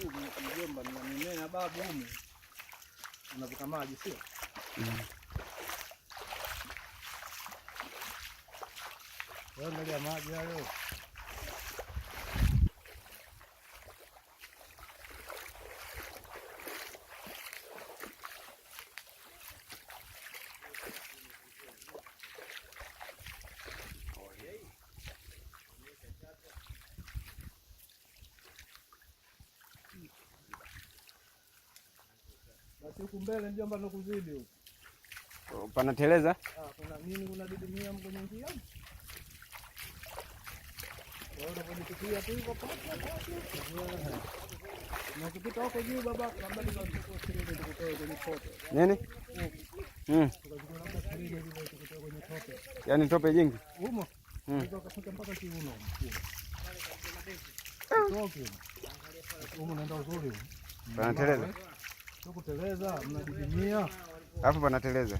kumi mjomba, na mimea babu humu unavuka maji sio? Angalia maji hayo. Basi huku mbele mjomba ndo kuzidi oh, Panateleza? Ah, kuna nini kuna Wewe tu Na huko juu baba, labda kwenye Nini? Mm. tope. Yaani tope jingi? Umo. Mm. mpaka ah. kiuno. uzuri. Panateleza. Hmm kuteleza mnadidimia. Alafu panateleza.